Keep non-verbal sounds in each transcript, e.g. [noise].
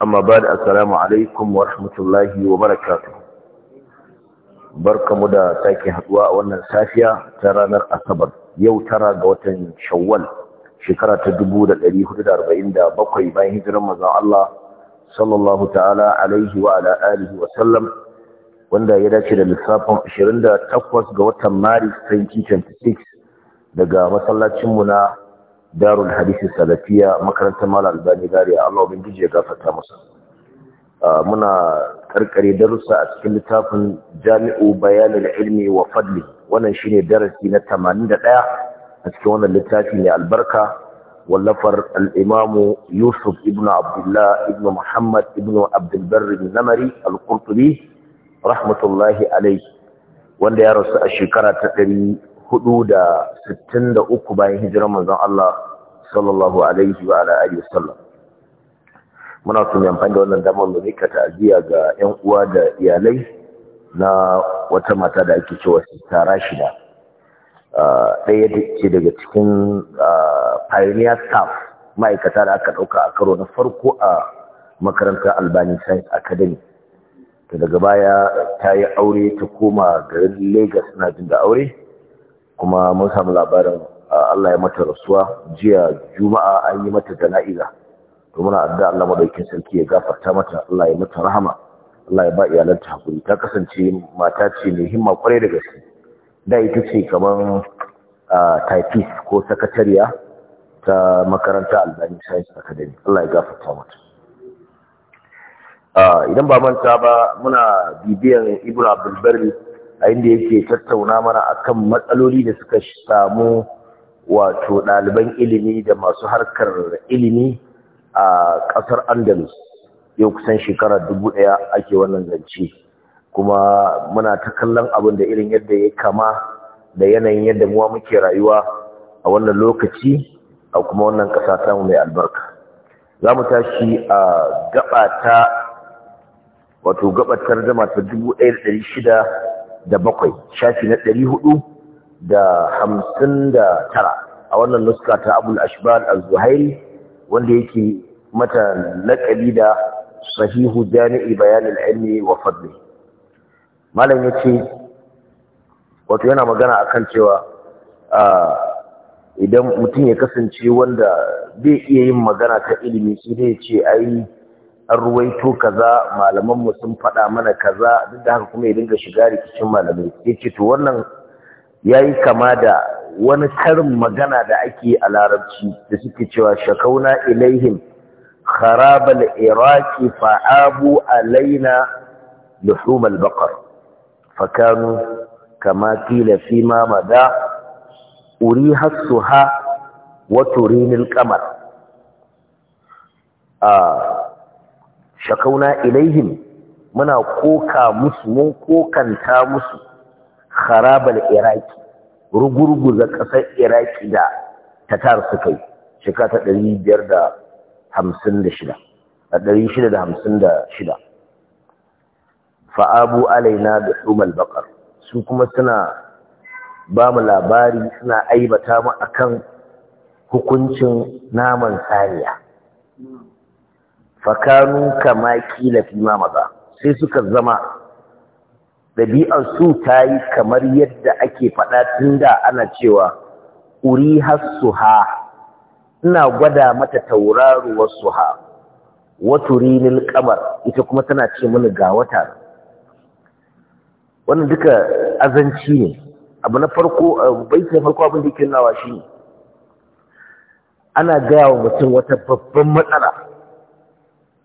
amma ba da assalamu alaikum wa rahmatullahi wa barakatu. barkamu da sake haduwa a wannan safiya ta ranar asabar yau tara ga watan shawwal shekara ta 1447 bayan hijirar manzon Allah sallallahu ta'ala alaihi wa ala alihi wa sallam wanda ya dace da lissafin 28 ga watan maris 2026 daga masallacin mu na darul hadisi salafiya makarantar mala albani dariya Allah ubangiji ya gafarta masa muna karkare darussa a cikin littafin jami'u bayanin ilmi wa fadli wannan shine darasi na 81 a cikin wannan littafi ne albarka wallafar al'imamu Yusuf ibn Abdullah Ibnu Muhammad Ibnu Abdul bin Namari al rahmatullahi alaihi wanda ya rasu a shekara ta hudu da sittin da uku bayan hijirar manzon Allah sallallahu alaihi wa alihi wasallam muna son amfani da wannan damar mu mika ta'aziyya ga 'yan uwa da iyalai na wata mata da ake cewa Sista Rashida ɗaya ce daga cikin pioneer staff ma'aikata da aka ɗauka a karo na farko a makarantar Albani Science Academy daga baya ta yi aure ta koma garin Lagos na jin da aure kuma mun samu labarin Allah ya mata rasuwa jiya juma'a an yi mata jana'iza to muna addu'a Allah madaukakin sarki ya gafarta mata Allah ya mata rahama Allah ya ba iyalanta hakuri ta kasance mata ce mai himma kwarai da gaske da ita ce kaman typist ko sakatariya ta makaranta Albani Science Academy Allah ya gafarta mata idan ba manta ba muna bibiyan Ibrahim Abdul a inda yake tattauna mana kan matsaloli da suka samu wato ɗaliban ilimi da masu harkar ilimi a ƙasar andalus yau kusan shekara dubu ɗaya ake wannan zance kuma muna ta kallon abin da irin yadda ya kama da yanayin yadda muwa muke rayuwa a wannan lokaci a kuma wannan ƙasa samu mai albarka za mu tashi a gaba ta wato gabatar zama ta dubu ɗaya da ɗari shida da bakwai shafi na ɗari hudu da hamsin da tara a wannan nuska ta abul ashbar al-zuhairi wanda yake mata laƙabi da sahihu jami'i bayanin ilmi wa fadli malam yace wato yana magana akan cewa idan mutum ya kasance wanda zai iya yin magana ta ilimi sai dai ce ai an ruwaito kaza malaman mu sun faɗa mana kaza duk da haka kuma ya dinga shiga rikicin malamai yace to wannan yayi kama da wani karin magana da ake a larabci da suke cewa shakauna ilaihim kharabal iraqi fa'abu alaina luhum al-baqar fakanu kama kila fi ma mada uri hasuha wa al qamar ah, shakauna ilaihim muna koka musu mun kokanta musu kharabal iraki rugurguza ƙasar iraki da tatar suka yi shika ta ɗari biyar da hamsin fa'abu alaina da tsumal baƙar su kuma suna ba mu labari suna aibata mu akan hukuncin naman saniya fakanu kama kila fi ma maza sai suka zama ɗabi'ar su ta yi kamar yadda ake faɗa tun da ana cewa uri ha ina gwada mata tauraruwar suha rinin kamar ita kuma tana ce mini ga wata wannan duka azanci ne abu na farko baitin farko abin da yake nawa shi ana gaya wa mutum wata babban matsala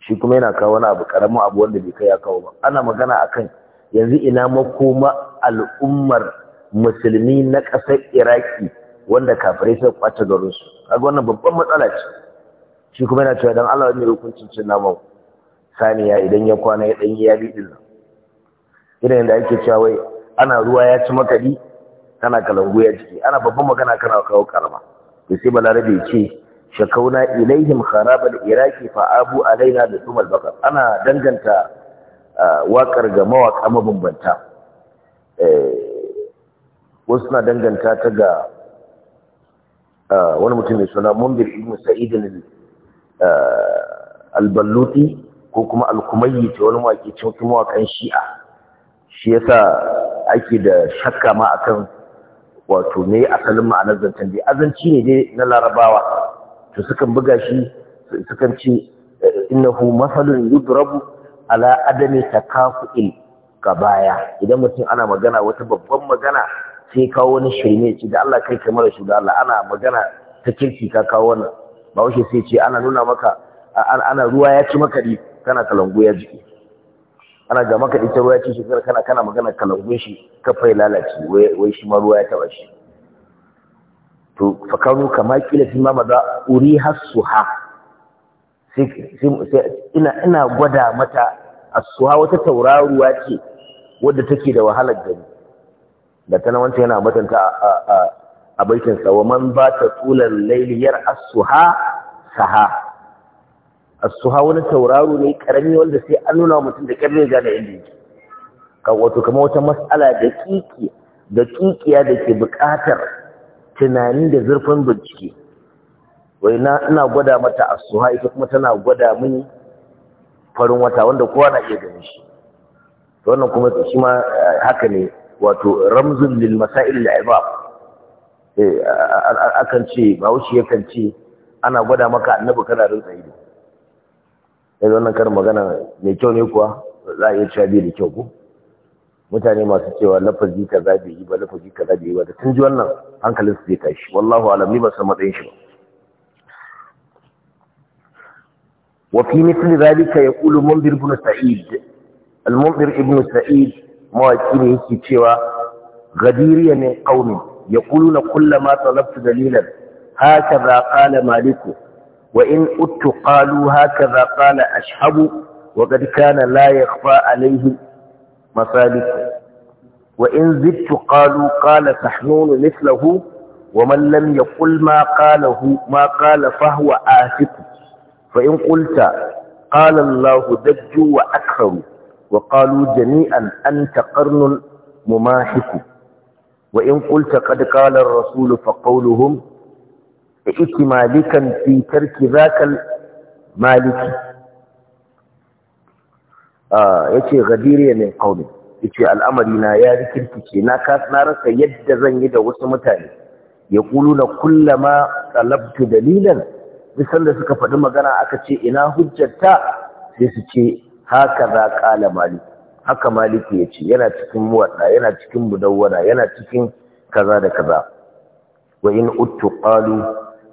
shi kuma yana kawo wani abu karamin abu wanda bai kai ya kawo ba ana magana akan yanzu ina makoma al'ummar musulmi na ƙasar iraki wanda kafirai sai kwace garin su kaga wannan babban matsala ce shi kuma yana cewa dan Allah ne hukuncin cin naman saniya idan ya kwana ya danyi ya bidin nan idan da ake cewa wai ana ruwa ya ci makadi kana kalangu ya ciki ana babban magana kana kawo karama to sai balarabe ce shakauna ilaihim kharabal iraki fa abu alaina da sumal bakar ana danganta wakar ga mawaka mabambanta wasu na danganta ta ga wani mutum mai suna mundir ibn sa'id al-balluti ko kuma al-kumayyi ta wani waki kuma mawakan shi'a shi yasa ake da shakka ma akan wato ne asalin ma'anar zancen dai azanci ne dai na larabawa to sukan buga shi sukan ce innahu mafalun yudrabu ala adami takafu'il baya. idan mutum ana magana wata babban magana sai kawo wani shirme ce da Allah kai kamar shi da Allah ana magana ta kirki ka kawo wannan ba wuce sai ce ana nuna maka ana ruwa ya ci maka di kana kalangu ya jiki ana ga maka di ta ruwa ya ci shi kana kana magana kalangun shi ka fai lalace wai shi ma ruwa ya taba shi to fakaru kama kila fi ma maza uri hasuha ina ina gwada mata asuha wata tauraruwa ce wadda take da wahalar gani da tana wancan yana batanta a a baitin sa wa man ba ta tulan lailiyar asuha saha asuha wani tauraro ne karami wanda sai an nuna mutum da kyar zai gane inda yake wato kamar wata mas'ala da kiki da kikiya da ke buƙatar tunani da zurfin bincike wai na ina gwada mata asuha ita kuma tana gwada mini farin wata wanda kowa na iya gani shi to wannan kuma shi ma eh, haka ne wato ramzul lil masail al ibab eh akan ce bawushi yakan ce ana gwada maka annabi kana rinsa ido yanzu wannan karin magana mai kyau ne kuwa za a iya cewa bai da kyau ko mutane masu cewa lafazi za bai yi ba lafazi za bai yi ba da tun ji wannan hankalin su zai tashi wallahu alam ni ba san matsayin shi ba wa fi mithli zalika yaqulu munzir ibn sa'id al-munzir ibn sa'id mawaki ne yake cewa gadiriya min qaumi yaquluna kullama talabtu dalilan hakaza qala maliku wa in uttu qalu hakaza qala ashhabu wa qad kana la yakhfa alayhi مسالك وإن زدت قالوا قال سحنون مثله ومن لم يقل ما قاله ما قال فهو آثق فإن قلت قال الله دجوا وأكثروا وقالوا جميعا أنت قرن مماحك وإن قلت قد قال الرسول فقولهم ائت مالكا في ترك ذاك المالك ya ce gadiriya min kauni ya ce al'amari na ya rikirkice na rasa yadda zan yi da wasu mutane ya kulu na kullama talabtu dalilan bisan da suka faɗi magana aka ce ina hujjata sai su ce haka za ƙala malik haka maliki ya ce yana cikin muwaɗa yana cikin budawwana yana cikin kaza da kaza wa in uttu qalu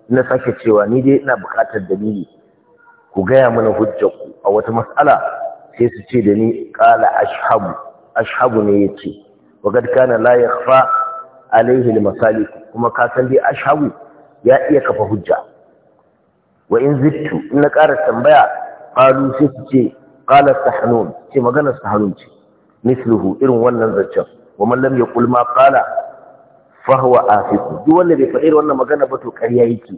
na sake cewa ni dai ina buƙatar dalili ku gaya mana hujjar ku a wata mas'ala sai su ce da ni kala ashabu ashabu ne ya ce kad kana la yakhfa alaihi masali kuma ka san dai ashabu ya iya kafa hujja wa in zittu in na ƙara tambaya kalu sai su ce kala sahanun ce magana sahanun ce misluhu irin wannan zancen wa man lam yaqul ma qala fa huwa afiq duk wanda bai faɗi wannan magana ba to ƙarya yake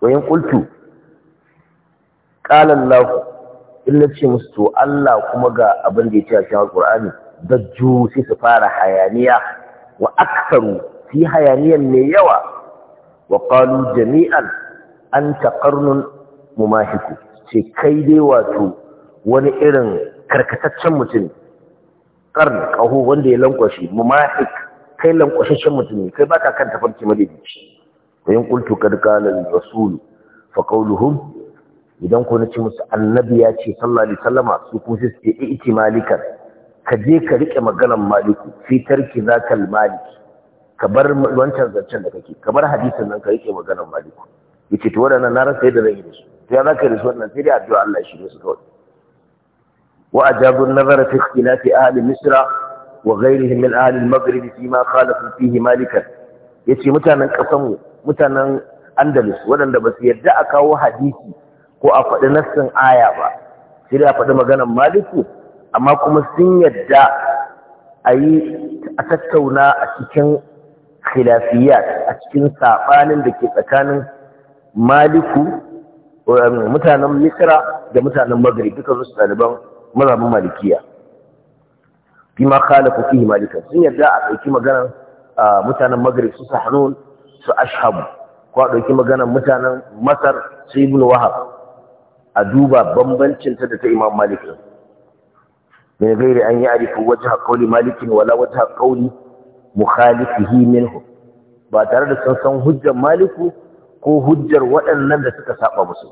wa in qultu qala Allah in na ce musu to Allah kuma ga abin da ya ce a cikin da ju sai su fara hayaniya wa aksaru fi hayaniyan mai yawa wa qalu jami'an anta qarnun mumahiku ce kai dai wato wani irin karkataccen mutum karni kaho wanda ya lankwashe mumahik kai lankwashashen mutum kai baka kan tafarki madidi ko yin qultu kad qala rasul fa qawluhum idan ko nace musu annabi ya ce sallallahu sallama, su kuma su ce eh, iti malikan ka je ka rike maganar maliku fi tarki zakal maliki ka bar wancan zancen da kake ka bar hadisin nan ka rike maganar maliku yace to wadannan na rasa yadda zan yi da su to ya zaka yi da su wannan sai dai addu'a Allah shi ne su kawai wa ajabu nazara fi ikhtilafi ahli misra wa ghayrihim min ahli al-maghrib fi ma khalafu fihi malikan yace mutanen kasan mutanen andalus waɗanda ba su yarda a kawo hadisi ko a faɗi nassin aya ba sai dai a faɗi maganar maliku? amma kuma sun yadda a yi a tattauna a cikin khilafiya a cikin saɓanin da ke tsakanin maliku um, mutanen misra da mutanen Magari, duka su ɗaliban mazamin malikiya fi ma kala fihi malikan sun yadda a ɗauki maganar uh, mutanen Magari, su sahanun su ashabu ko a ɗauki maganar mutanen masar su ibnu wahab a duba bambancinta da ta imam malik min gairi an yi arifu wajha qawli malikin wala wajha qawli mukhalifihi minhu ba tare da sun san hujjar maliku ko hujjar waɗannan da suka saba musu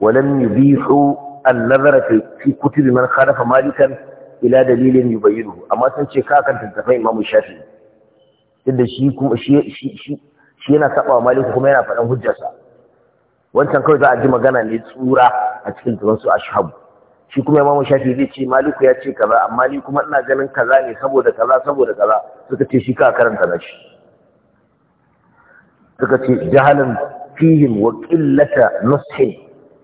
walam yubihu an-nazara fi kutubi man khalafa malikan ila dalilin yubayyinuhu amma sun ce ka kan tantafai imamu shafi'i shi kuma shi shi shi yana saba maliku kuma yana faɗan hujjarsa wancan kawai za a ji magana ne tsura a cikin turan su ashabu shi kuma imamu shafi zai ce maliku ya ce kaza amma ni kuma ina ganin kaza ne saboda kaza saboda kaza suka ce shi ka karanta na shi suka ce jahalin fihim wa qillata nushin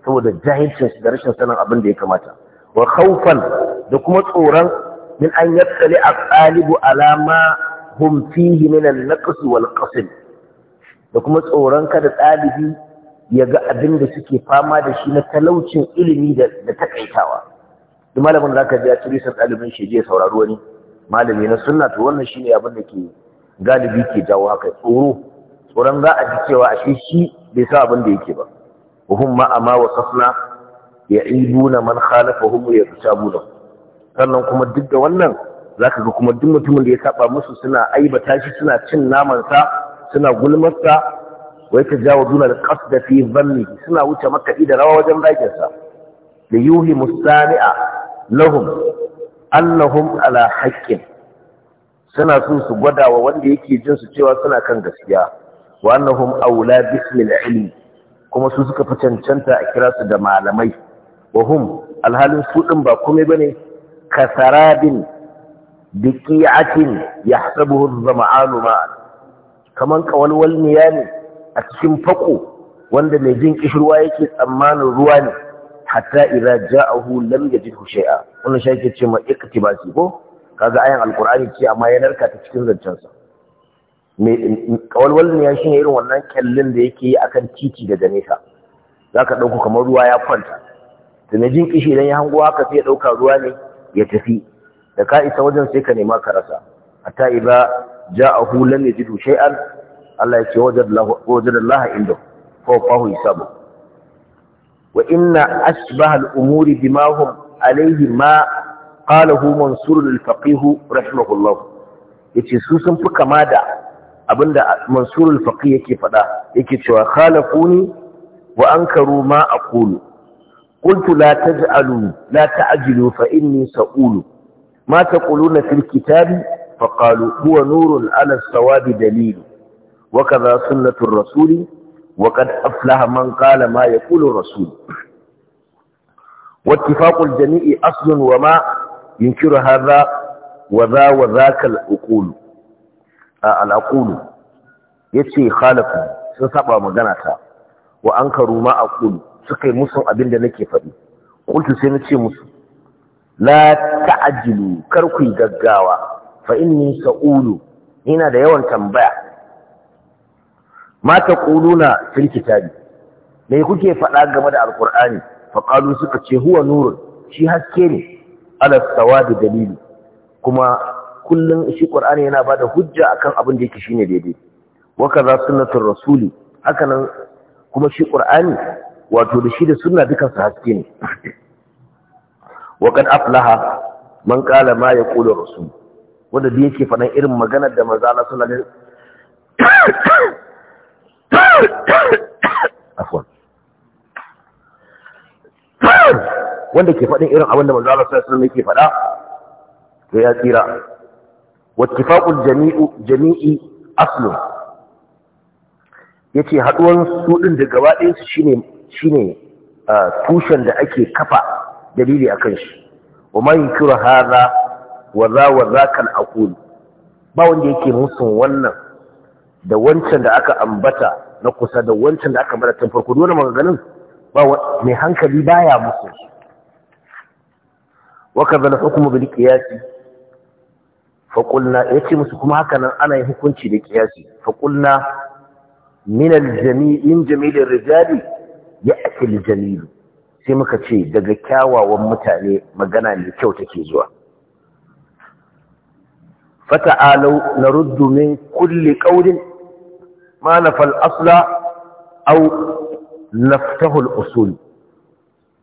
saboda jahilcin da rashin sanin abin da ya kamata wa khawfan da kuma tsoron min an yattali a ala alama hum fihi min an-naqs wal qasl da kuma tsoron kada ɗalibi ya ga abin da suke fama da shi na talaucin ilimi da takaitawa duk malamin da zaka je a turisan ɗalibin shi je saurari wani malami na sunna to wannan shine abin da ke galibi ke jawo haka tsoro tsoron za a ji cewa a shi bai sa abin da yake ba وهم man halafa وصفنا ya fi sabu da sannan kuma duk da wannan za ka ga kuma duk mutumin da ya saba musu suna aibata shi suna cin naman suna gulmarsa wai ta jawo dunar da fi zanni suna wuce makaɗi da rawa wajen bakinsa da yuhi musani'a lahum annahum ala haƙƙin suna so su gwada wa wanda yake jin su cewa suna kan gaskiya wa annahum aula bismil ilmi kuma su suka fi cancanta a kira su da malamai wa hum alhalin su din ba komai bane kasarabin biqi'atin yahsabuhu az-zama'anu ma kaman kawalwal ne a cikin fako wanda mai jin kishirwa yake tsammanin ruwa ne hatta idza ja'ahu lam yajidhu shay'a wannan shi yake cewa iktibasi ko kaga ayan alqur'ani ce amma ya narka ta cikin zancen sa kawalwal ne ya shine irin wannan kyallin da yake yi akan titi daga nesa zaka dauko kamar ruwa ya kwanta to mai jin kishi idan ya hango haka sai ya dauka ruwa ne ya tafi da ka isa wajen sai ka nema ka rasa hatta idza ja'ahu lam yajidhu shay'an Allah ya ce wajen Allah inda ko fahu hisabu wa inna asbaha al-umuri bima alaihi alayhi ma qalahu mansur al-faqih rahimahullah ce su sun fi kama da abinda mansur al-faqih yake faɗa yake cewa khalafuni wa ankaru ma Kulu. qultu la taj'alu la ta'jilu fa inni sa'ulu ma taquluna fil kitabi فقالوا huwa nurun على sawabi dalilu. وكذا سنة الرسول وقد أفلح من قال ما يقول الرسول واتفاق الجميع أصل وما ينكر هذا وذا وذاك الأقول آه الأقول يتشي خالفه سنسبع مغانتا وأنكروا ما أقول سكي مسلم أبين دنكي فدي قلت سنتشي مسلم لا تعجلوا كركي ققاوة فإني سأقول هنا دا يوان تنبع ma ƙuluna fil kitabi me kuke faɗa game da alqur'ani fa qalu suka ce huwa nurun shi haske ne ala sawadi dalili kuma kullun shi qur'ani yana bada hujja akan abin da yake shine daidai wa kaza sunnatur rasuli haka nan kuma shi qur'ani wato da shi da sunna dukan su haske ne wa kad aflaha man qala ma yaqulu rasul wanda da yake faɗan irin maganar da manzo Allah sallallahu alaihi wanda ke faɗin irin abin da manzo Allah sallallahu alaihi yake faɗa ya tsira wattifaqul jami'u jami'i aslu yace haduwan su din da gaba ɗayan su shine shine tushen da ake kafa dalili a kan shi wa man yukira hadha wa za wa zakal aqul ba wanda yake musun wannan da wancan da aka ambata na kusa da wancan da aka mara tun dole maganganun ba mai hankali baya musu waka zala hukumu bil qiyasi fa qulna yace musu kuma haka nan ana yin hukunci da kiyasi. fa qulna min al jami'in jamil al rijali ya'ti al sai muka ce daga kyawawan mutane magana ne kyau take zuwa fata'alau naruddu min kulle ƙaurin. ما نفى الأصل أو نفته الأصول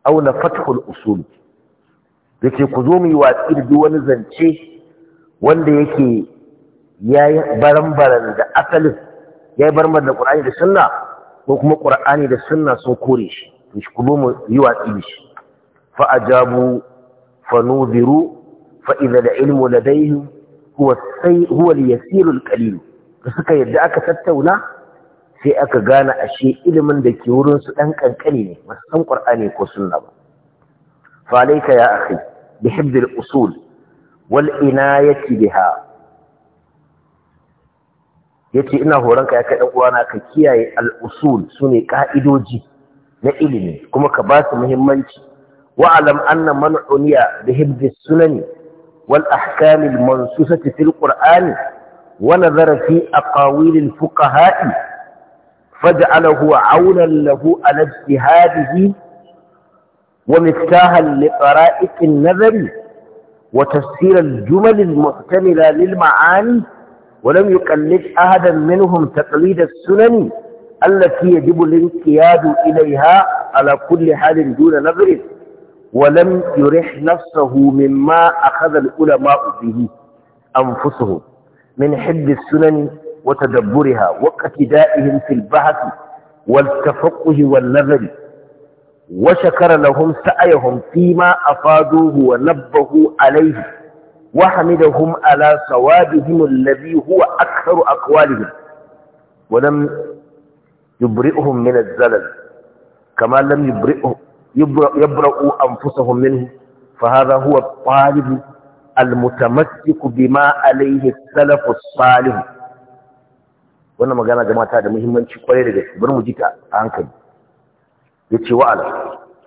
أو نفته الأصول لكي قدومي واتكير دون زنشي واندي يكي ياي برمبرن دا يا ياي برمبرن دا قرآن دا سنة وكما قرآن دا سنة سوكوريش مش قدوم يواتيش فأجابوا فنوذروا فإذا العلم لديهم هو, هو اليسير الكليل suka yadda aka tattauna sai aka gane ashe ilimin da ke wurin su dan ne masu san qur'ani ko sunna ba fa ya akhi bi hifd usul wal inayati Ya yace ina horon ya kai dan uwana ka kiyaye al usul sune ka'idoji na ilimi kuma ka ba su muhimmanci wa'alam anna man'uniya uniya bi sunani wal ahkamil al mansusati fil qur'ani ونظر في أقاويل الفقهاء فجعله عونا له على اجتهاده ومفتاحا لطرائق النظر وتفسير الجمل المحتملة للمعاني ولم يقلد أحدا منهم تقليد السنن التي يجب الانقياد إليها على كل حال دون نظر ولم يرح نفسه مما أخذ العلماء به أنفسهم من حل السنن وتدبرها واقتدائهم في البحث والتفقه والنظر وشكر لهم سعيهم فيما أفادوه ونبهوا عليه وحمدهم على صوابهم الذي هو أكثر أقوالهم ولم يبرئهم من الزلل كما لم يبرئوا يبرئوا أنفسهم منه فهذا هو الطالب almutamassiku bima alaihi salafu salihu. wannan magana jama'a ta da muhimmanci kwarai da gaske bari mu a hankali yace wa ala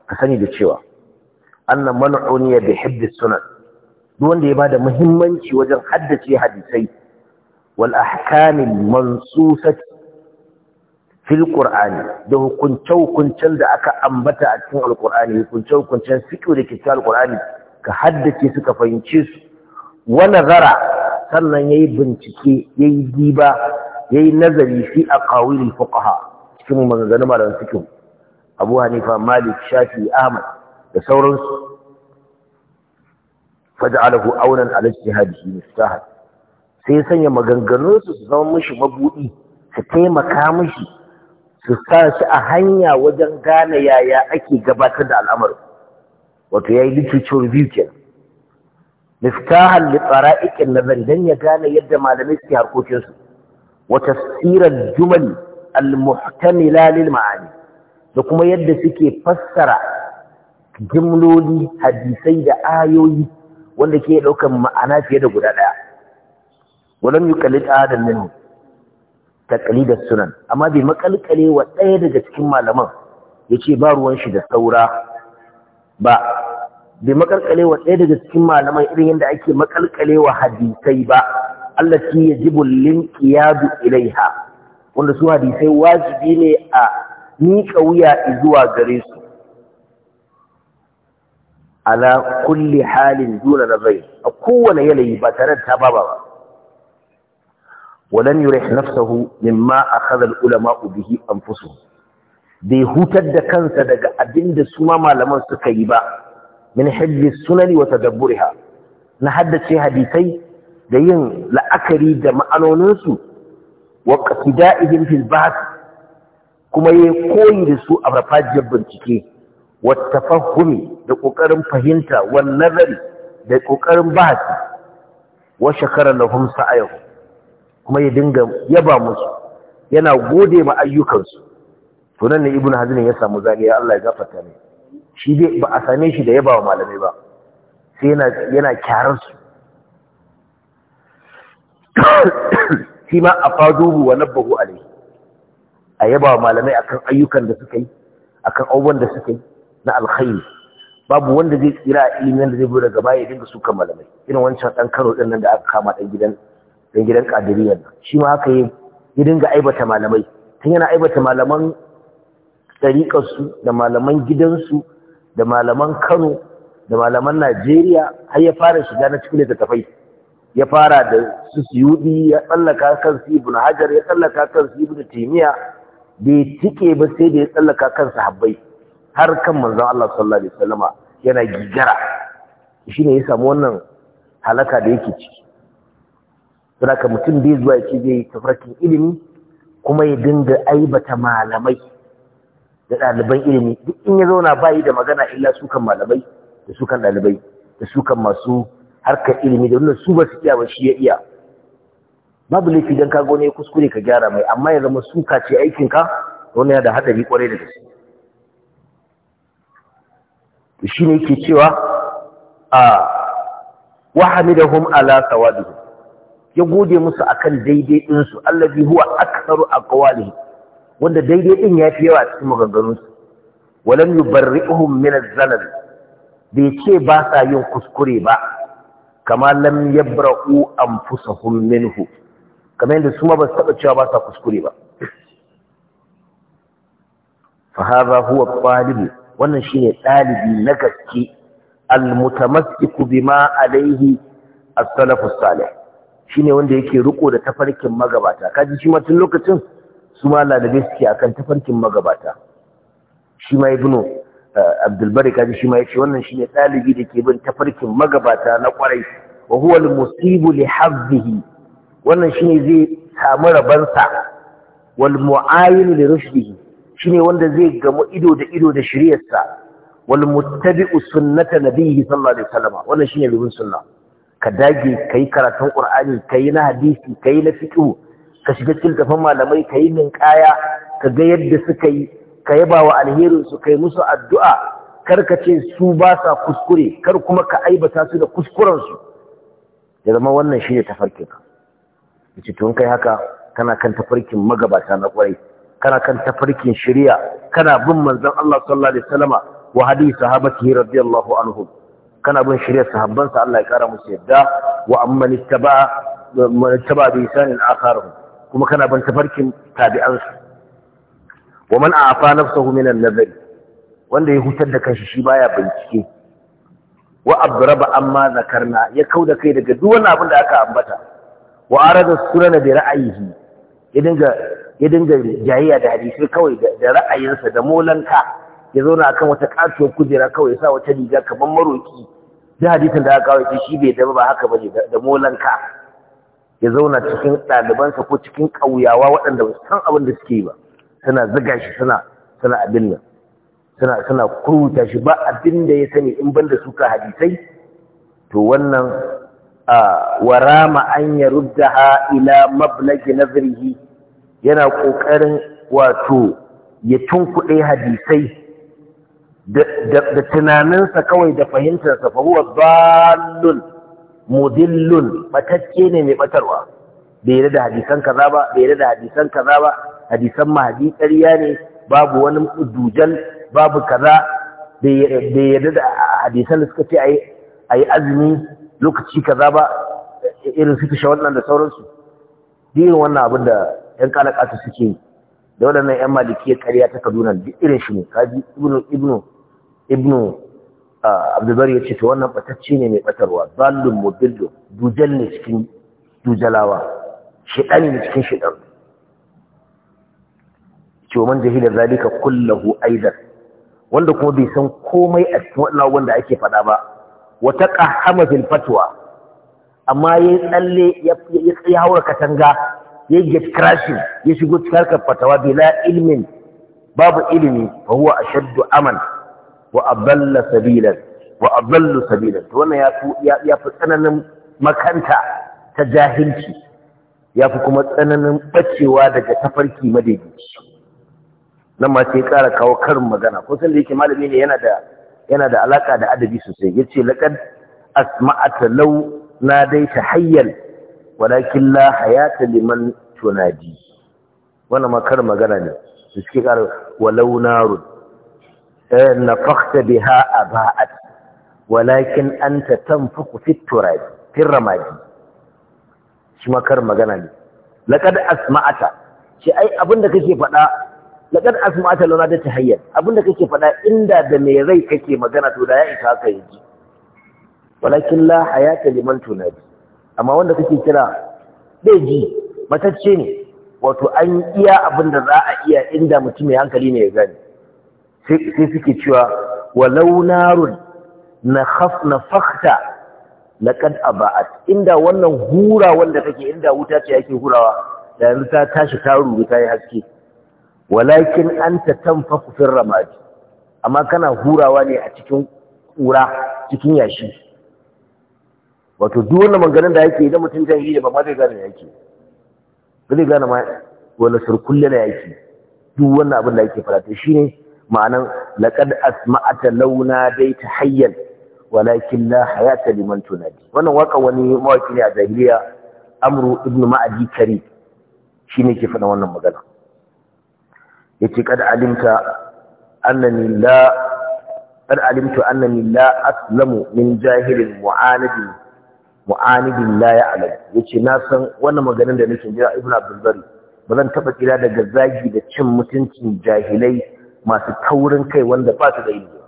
ka sani da cewa anna man'uniya bi hibb sunan duk wanda ya bada muhimmanci wajen haddace hadisai wal ahkam al mansusat fil qur'ani da hukunce hukuncen da aka ambata a cikin alqur'ani hukunce hukuncen fiqh da kitab alqur'ani ka haddace suka fahimci su wa nazara sannan yayi bincike yayi diba yayi nazari fi aqawil fuqaha cikin maganganun malaman cikin Abu Hanifa Malik Shafi Ahmad da sauransu faj'alahu awnan ala ijtihadihi mustahad sai sanya maganganunsu su zama mishi mabuɗi, su taimaka mishi su sa shi a hanya wajen gane yaya ake gabatar da al'amarin wato ya yi literature review ke miftahan litsara ikin nazari don ya gane yadda malamai suke harkokinsu wata tsirar jumali al-muhtamila lil ma'ani da kuma yadda suke fassara jimloli hadisai da ayoyi wanda ke ɗaukar ma'ana fiye da guda ɗaya walam yuqallid adan minhu sunan amma bai makalkale wa ɗaya daga cikin malaman yace ba ruwan shi da saura ba bai makalkale wa ɗaya daga cikin malaman irin yadda ake makalkale hadisai ba Allah ki ya ji bullin kiyadu ilaiha wanda su hadisai wajibi ne a miƙa wuya zuwa gare su ala kulli halin duna zai. a kowane yanayi ba tare da ta ba ba ولن يريح نفسه مما أخذ العلماء به أنفسهم bai hutar da kansa daga abin da su ma malaman suka yi ba min hajji sunani wa tadabburiha na haddace hadisai da yin la'akari da ma'anoninsu wa qasida'ihim fil bahth kuma yayi koyi da su a farfajiyar bincike wa tafahumi da ƙoƙarin fahimta wa nazari da kokarin bahth wa shakara lahum sa'ayhum kuma ya dinga yaba musu yana gode ma ayyukansu to nan ne ibnu hazm ya samu ya Allah ya gafarta mai shi ba a same shi da yaba wa malamai ba sai yana yana kyarar su [coughs] shi ma a fado wa nabahu alai a yaba wa malamai akan ayyukan da suka yi akan abubuwan da suka yi na alkhairi babu wanda zai tsira a ilimin da zai bude gaba ya dinga suka malamai irin wancan ɗan Kano din nan da aka kama dan gidan dan gidan Qadiriyya shi ma haka yi ya dinga aibata malamai tun yana aibata malaman ɗariƙarsu da malaman gidansu da malaman Kano da malaman Najeriya har ya fara shiga na cikin littattafai ya fara da su Suyudi ya tsallaka kan su Ibn Hajar ya tsallaka kan su Ibn Taymiya bai tike ba sai da ya tsallaka kan sahabbai har kan manzon Allah sallallahu alaihi wasallama yana gigara shine ya samu wannan halaka da yake ciki saboda mutum bai zuwa yake zai tafarkin ilimi kuma ya dinga aibata malamai da ɗaliban ilimi duk in ya zauna bayi da magana illa sukan malamai da sukan ɗalibai da sukan masu harkar ilimi da wannan su ba su iya ba shi ya iya babu laifi don ka gone kuskure ka gyara mai amma ya zama suka ce aikinka wani yana da haɗari kwarai da gaske to shi ne ke cewa a wahamidahum ala sawadihim ya gode musu a kan daidai ɗinsu allazi huwa a aqwalihim wanda daidai ɗin ya fi yawa cikin maganganunsu, su walam yubarri'uhum min az-zalal bai ce ba sa yin kuskure ba kama lam yabra'u anfusahum minhu kamar yadda su ma ba su taba cewa ba sa kuskure ba fa hadha huwa talib wannan shine ɗalibi na gaske al bima alaihi as-salafus salih shine wanda yake riko da tafarkin magabata kaji shi ma tun lokacin su ma ladabe suke akan tafarkin magabata shi ma ibnu eh, abdulbari kaji shi ma yace wannan shine dalibi da ke bin tafarkin magabata na kwarai wa huwa al-musibu li hazzihi wannan shine zai samu rabansa wal li rushdihi shine wanda zai gamu ido da ido da shiriyarsa wal muttabi'u sunnata nabiyhi sallallahu alaihi wasallam wannan shine rubun sunna ka dage kai karatun qur'ani kai na hadisi kai na fiqh ka shiga cikin tafan malamai ka yi ninkaya ka ga yadda suka yi ka yaba wa alherin su kai musu addu'a kar ka ce su ba sa kuskure kar kuma ka aibata su da kuskuren su ya zama wannan shi ne tafarkin ka yace tun kai haka kana kan tafarkin magabata na kwarai kana kan tafarkin shari'a kana bin manzon Allah sallallahu alaihi wasallama wa hadisi sahabatihi radiyallahu anhum kana bin shirya sahabbansa Allah ya kara musu yadda wa amman ittaba ittaba bi isanin akharahum kuma kana ban tafarkin tabi'ansu wa man afa nafsuhu min an-nazari wanda ya hutar da kanshi shi baya bincike wa abraba amma zakarna ya kauda kai daga duk wani abin da aka ambata wa arada sunana bi ra'ayihi ya dinga ya dinga jayayya da hadisi kawai da ra'ayinsa da molanka ya zauna akan wata katuwar kujera kawai ya sa wata riga kamar maroki da hadisin da aka kawo shi bai daba ba haka bane da molanka ya zauna cikin ɗalibansa ko cikin ƙauyawa waɗanda ba san abin da suke ba suna ziga shi suna suna abin nan suna suna kuruta shi ba abin da ya sani in banda suka hadisai to wannan warama an ya ha ila mablagi nazarihi yana ƙoƙarin wato ya tunkuɗe hadisai da tunaninsa kawai da fahimtarsa fa huwa dallun mudillun batacce ne mai batarwa bai yarda da hadisan kaza ba bai yarda da hadisan kaza ba hadisan mahadi ƙarya ne babu wani dujal babu kaza bai yarda da hadisan da suka ce a yi azumi lokaci kaza ba irin su sha wannan da sauransu irin wannan abin da yan kalakatu suke yi da waɗannan yan malikiyar ƙarya ta kaduna irin shi ne kaji ibnu ibnu ibnu abdubar ya ce ta wannan batacci ne mai batarwa zallun mudillo dujal ne cikin dujalawa shiɗani ne cikin shiɗan ciwoman jahilar zalika kullahu aizar wanda kuma bai san komai a cikin waɗannan wanda ake faɗa ba wata ƙahama fatuwa amma ya yi tsalle ya haura katanga ya yi get crashing ya shigo cikin harkar fatawa bila ilmin babu ilimi ba huwa shaddu aman wa aballa sabilan wa sabilan wannan ya fi tsananin makanta ta jahilci ya fi kuma tsananin ɓacewa daga tafarki madaidaici nan ma sai ƙara kawo karin magana ko san da yake malami ne yana da yana da alaka da adabi sosai yace laqad asma'ata ta hayyal. hayyan walakin la hayata liman tunadi wannan ma karin magana ne da suke ƙara walau narun Eh, nafakhta biha aba'at walakin anta tanfuku fit turab fil ramadi shi makar magana ne laqad asma'ata shi ai abinda kake faɗa laqad asma'ata launa da tahayyar abinda kake faɗa inda da me rai kake magana to da ya isa haka yaji walakin la hayata liman tunadi amma wanda kake kira bai ji matacce ne wato an iya abinda za iya inda mutum mai hankali ne ya gani sai suke cewa walau narun na fakta kan aba'at inda wannan hura wanda take inda wuta ce yake hurawa da yanzu ta tashi ta ruru ta yi haske walakin an ta tamfa kufin ramadi amma kana hurawa ne a cikin kura, cikin yashi wato duk wannan maganin da yake idan mutum zai yi da ba ma zai gane yake zai gane ma wani surkulle na yake duk wannan abin da yake fara to shine ma'anan laqad asma'ata launa dai ta hayyan walakin la hayata liman tunadi wannan waka wani mawaki ne a jahiliya amru ibn ma'adi kari ne ke faɗa wannan magana yace kad alimta annani la kad alimtu annani la aslamu min jahilin mu'anidin mu'anidin la Ya ce, na san wannan maganar da nake jira ibn abdul bari ba zan taɓa kira daga zagi da cin mutuncin jahilai masu taurin kai wanda ba su da ilimi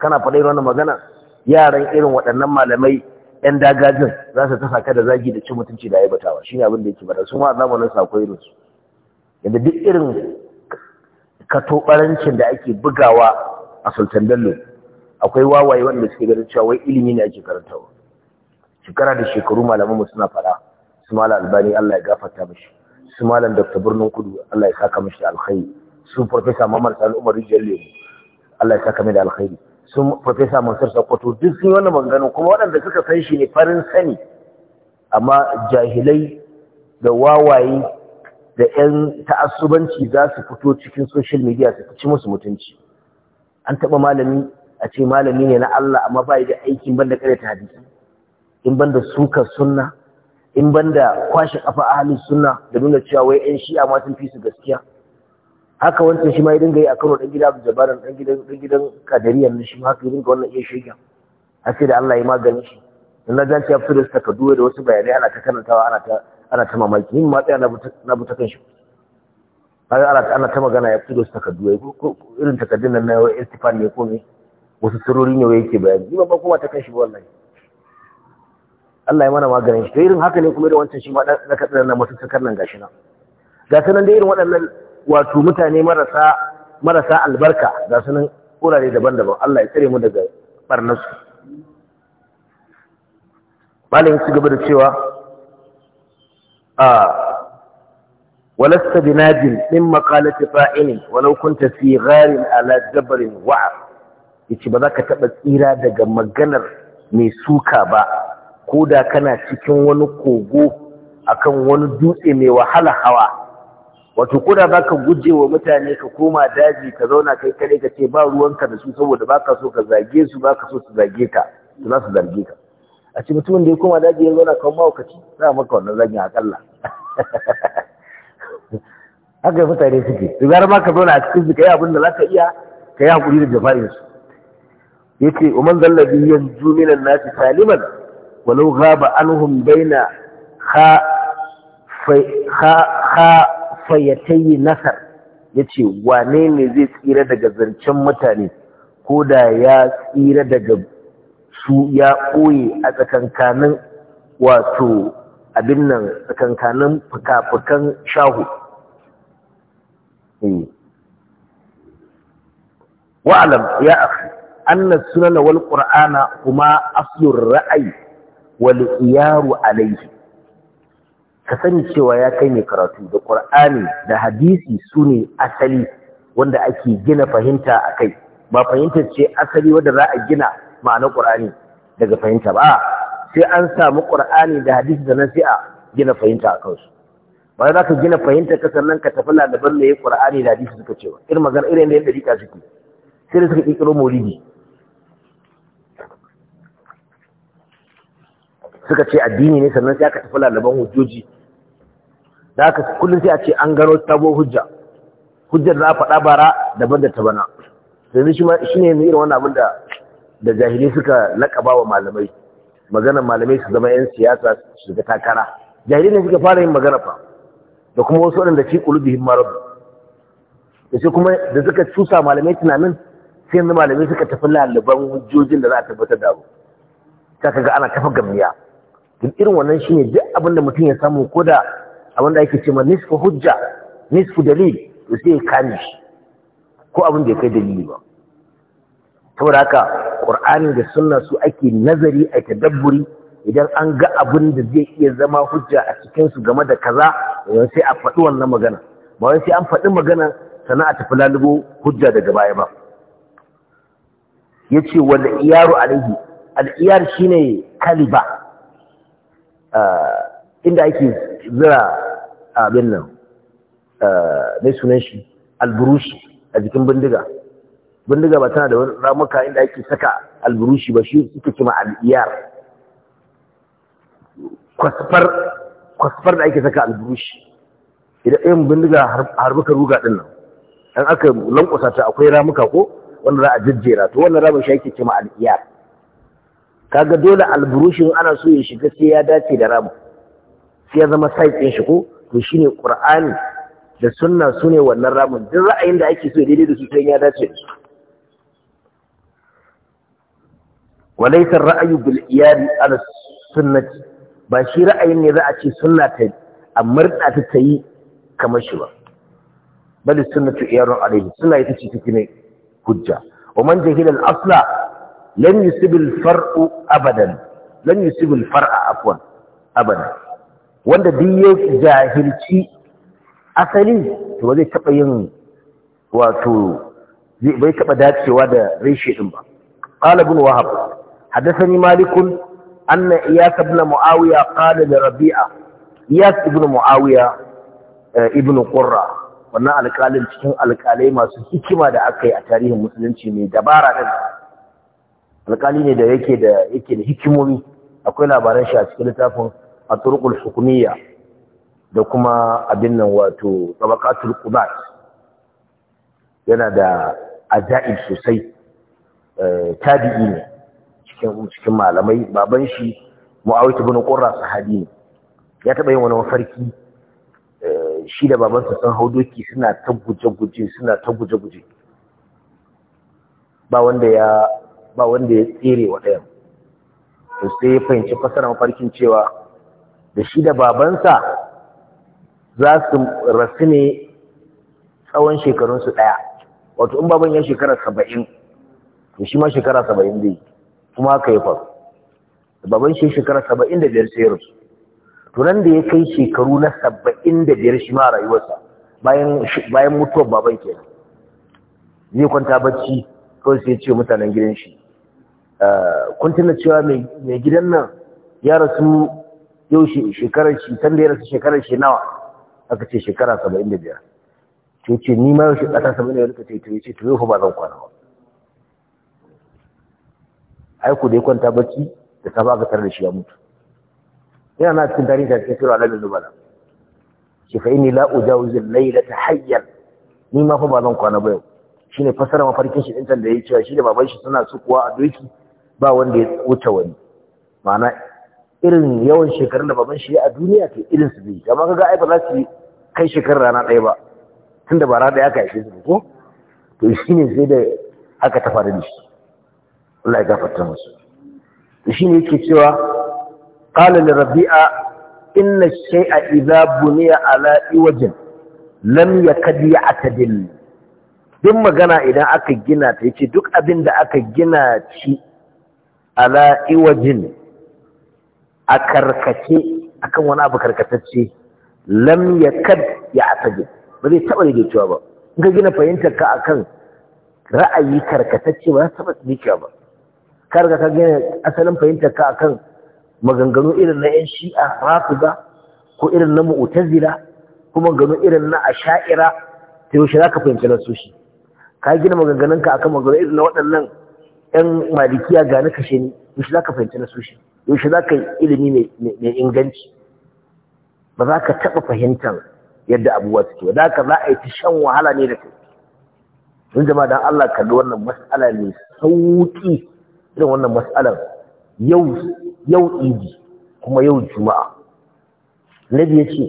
kana faɗa irin magana yaran irin waɗannan malamai yan dagajin za su tafa ka da zagi da ci mutunci da aibatawa shine abin da yake bada su ma zamanin sa akwai irin su yanda duk irin katobarancin da ake bugawa a Sultan Bello akwai wawaye wanda suke ganin cewa wai ilimi ne ake karantawa shekara da shekaru malaman mu suna fara su malam albani Allah ya gafarta mishi su malam dr birnin kudu Allah ya saka mishi alkhairi Sun Profesa mamar Sani Umar Rijiyar Lemu, Allah ya saka mai da alkhairi, sun Profesa Mansur Sokoto duk sun yi wannan maganganu kuma waɗanda suka san shi ne farin sani, amma jahilai da wawaye da 'yan ta'assubanci za su fito cikin social media su ci musu mutunci. An taɓa malami a ce malami ne na Allah amma ba da aikin banda ta hadisi, in banda suka sunna, in banda kwashe kafa ahalin sunna da nuna cewa wai 'yan shi'a ma fi su gaskiya. haka wancan shi ma ya dinga yi a kano dan gida Abdul Jabbar dan gidan gidan Kadariyar shi ma haka ya dinga wannan iya shegen har sai da Allah ya magani shi in na ganci ya fito da takardu da wasu bayanai ana ta karantawa ana ta ana ta mamaki ni ma tsaya na buta kan shi har ana ana ta magana ya fito da takardu ya irin takardun nan na Istifan ne ko me wasu sirori ne yake bayani ni ba kuma ta kan shi ba wallahi Allah ya mana maganin shi to irin haka ne kuma da wancan shi ma na katsina na masu sakar nan gashi na ga sanan da irin waɗannan wato mutane marasa albarka ga sunan kurare daban-daban Allah ya tsare mu daga barnasu malin su gaba da cewa a walasta binadin ɗin makalata fa'ilin walau kunta gharin ala dabarin wa'a yace ba za ka taɓa tsira daga maganar mai suka ba ko da kana cikin wani kogo akan wani dutse mai wahala hawa wato kuna za ka guje wa mutane ka koma daji ka zauna kai kare ka ce ba ruwanka da su saboda ba ka so ka zage su ba ka so su zage ka su za su zage ka a ce mutumin da ya koma daji ya zauna kan mawukaci za a maka wannan zagin akalla [laughs] haka mutane suke su zarar ma ka zauna a cikin su ka yi abin da za ka iya ka yi hakuri da jafa'in su yace umman zallabi yanzu minan nasi saliman walau ghaba anhum baina kha ha ya yi nasar ya ce wane ne zai tsira daga zancen mutane ko da ya tsira daga su ya ɓoye a tsakankanin wato abin nan tsakankanin fuka-fukan shahu eh. wa'alam ya afi annas sunana wal qur'ana kuma aslur ra'ayi wal iyaru alayhi ka sani cewa ya kai mai karatu da ƙwar'ani da hadisi sune asali wanda ake gina fahimta a kai ba fahimtar ce asali wanda za a gina ma'anar ƙwar'ani daga fahimta ba sai an samu ƙwar'ani da hadisi da nasi'a gina fahimta a kansu ba za ka gina fahimta ka sannan ka tafi ladaban mai ƙwar'ani da hadisi suka cewa irin magana irin da yadda dika suke sai da suka kikiro maulidi suka ce addini ne sannan sai aka tafi ladaban hujjoji da aka kullum sai a ce an gano sabo hujja hujjar da faɗa bara daban da ta bana Sai shi ne irin wannan abin da da jahili suka laƙaba wa malamai maganar malamai su zama 'yan siyasa su ga takara jahili ne suka fara yin magana fa da kuma wasu waɗanda fi ƙulubihin marab da sai kuma da suka cusa malamai tunanin sai yanzu malamai suka tafi laliban hujjojin da za a tabbatar da abu ta kaga ana tafa gamiya duk irin wannan shine duk abin da mutum ya samu ko da abinda ake ce ma nisfu hujja nisfu dalil to sai ka ne shi ko abin da ya kai dalili ba saboda haka qur'ani da sunna su ake nazari a tadabburi idan an ga abin da zai iya zama hujja a cikin su game da kaza wani sai a faɗi wannan magana ba wai sai an faɗi magana sana'a a tafi lalubo hujja daga baya ba yace wal iyaru alaihi al iyar shine kaliba ah, inda ake zira abin nan eh, mai sunan shi alburushi a jikin bindiga bindiga ba tana da wani ramuka inda ake saka alburushi ba shi suke ce ma al'iyar kwasfar da ake saka alburushi idan yin bindiga harbuka ruga din nan an aka lankwasa ta akwai ramuka ko wanda za a jajjera to wannan ramin shi ake ce ma al'iyar kaga dole alburushin ana so ya shiga sai ya dace da ramin Sai ya zama saikin shi ko to shine qur'ani da sunna sune wannan ramin duk ra'ayin da ake so daidai da su sai ya dace da su walaysa ra'ayu bil iyadi ala sunnati ba shi ra'ayin ne za a ce sunna ta a murda ta tayi kamar shi ba bal sunnatu iyarun alaihi sunna ita ce take ne hujja wa man jahila al asla lan yusib far'u abadan lan yusib al far'a afwan abadan wanda duk jahilci asali to ba zai taɓa yin wato bai taba dacewa da reshe ɗin ba qala ibn wahab hadathani malik anna iyas ibn muawiya qala li rabi'a iyas ibn muawiya eh, ibn qurra wannan alƙalin cikin alƙalai masu hikima da aka yi a tarihin musulunci mai dabara din alƙali ne da yake da yake da hikimomi akwai labaran shi a cikin littafin a turkul hukumiyya da kuma abin nan wato tabakatul qubat yana da ajaib sosai eh, tabi'i ne cikin malamai baban shi muawiyah ibn qurra sahabi ne ya taba yin wani mafarki eh, shi da babansa sun hau doki suna ta guje-guje suna ta guje ba wanda ya ba wanda ya tsere wa ɗayan sai ya fahimci fasara mafarkin cewa da shi da babansa za su rasu ne tsawon shekarunsu ɗaya wato in baban ya shekara saba'in to shi ma shekara saba'in zai kuma ka yi faru baban shi shekara saba'in da biyar sai rasu to nan da ya kai shekaru na saba'in da biyar shi ma rayuwarsa bayan mutuwar baban nan. zai kwanta bacci kawai sai ce mutanen gidan shi ah, Kuntunan cewa mai gidan nan ya rasu yau shekarar shi can da ya rasu shekarar shi nawa aka ce shekara saba'in da biyar ce ce ni ma yau shi ƙasa saba'in da biyar ka ce to ce ta yau fa ba zan kwana ba ai ku da ya kwanta bacci da ba aka tare da shi ya mutu yana na cikin tarihi ta cikin sura alamin nubala ce fa inni la da ta hayyar ni ma fa ba zan kwana ba yau Shi ne fasara mafarkin shi ɗin can da yi cewa shi da baban shi suna sukuwa a doki ba wanda ya wuce wani ma'ana irin yawan shekarun da baban shi a duniya ke irin su zai amma kaga ai ba za su kai shekarar rana ɗaya ba tunda ba rana ɗaya aka haife su ko to shi ne zai da aka tafa da shi Allah ya gafarta musu to shi ne yake cewa qala li rabi'a inna shay'a idza buniya ala iwajin lam yakad ya'tadil duk magana idan aka gina ta yace duk abin da aka gina shi ala iwajin a karkace akan wani abu karkatacce lam kad ya atajin ba zai taɓa da cewa ba in ka gina fahimtar ka akan ra'ayi karkatacce ba za taɓa cewa ba Karka ka gina asalin fahimtar ka akan maganganu irin na yan shi'a rafiga ko irin na mu'tazila ko maganganu irin na asha'ira ta yaushe za ka fahimci na su shi ka gina maganganun ka akan maganganu irin na waɗannan 'yan malikiya ga na kashe ni yaushe za ka fahimci na sushi yaushe za ka yi ilimi mai inganci ba za ka taɓa fahimtar yadda abubuwa suke ba za ka za a yi ta shan wahala ne da kai don jama'a don Allah ka da wannan mas'ala mai sauƙi irin wannan mas'alar yau yau idi kuma yau juma'a nabi ya ce